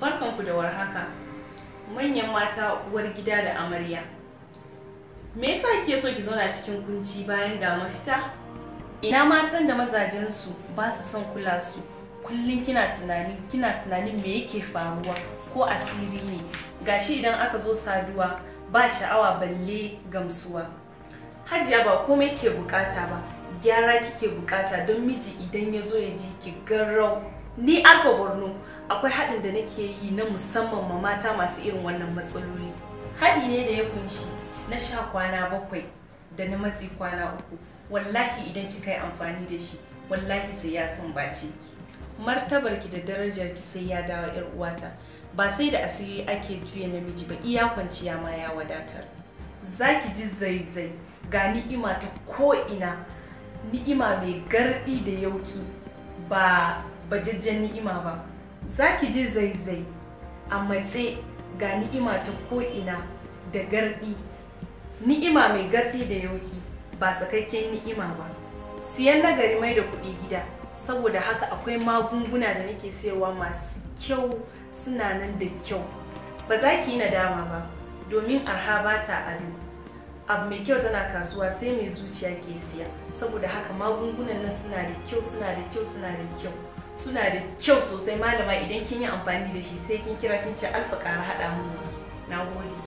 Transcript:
barkanku da warhaka manyan mata uwar gida da amarya me yasa ke so ki zauna cikin kunci bayan ga mafita ina matan da su ba su son kula su kullum kina tunanin kina tunanin me yake faruwa ko asiri ne gashi idan aka zo saduwa ba sha'awa balle gamsuwa hajiya ba komai ke bukata ba gyara kike bukata don miji idan ya zo ya ji ki garau ni alfa borno akwai haɗin da nake yi na musamman ma mata masu irin wannan matsaloli haɗi ne da ya kunshi na sha kwana bakwai da na matsi kwana uku wallahi idan kika yi amfani da shi wallahi sai ya sumbace martabar ki da darajar ki sai ya dawo yar uwata ba sai da asiri ake juya namiji ba iya kwanciya ma ya wadatar zaki ji zaizai ga ni'ima ta ko ina ni'ima mai garɗi da yauki ba bajajjen ni'ima ba za ki ji zaizai a matse ga ni'ima ta ko'ina da gardi ni'ima mai gardi da yauki ba sakakken ni'ima ba siyan nagari mai da kuɗi gida saboda haka akwai magunguna da nake sayarwa masu kyau suna nan da kyau ba za ki yi nadama ba domin arha ba ta ado abu mai kyau tana kasuwa sai mai zuciya ke siya saboda haka magungunan nan suna da kyau suna da kyau suna da kyau suna da kyau sosai malama idan kin yi amfani da shi sai kin kira kin ce alfa ƙara haɗa mun wasu na gode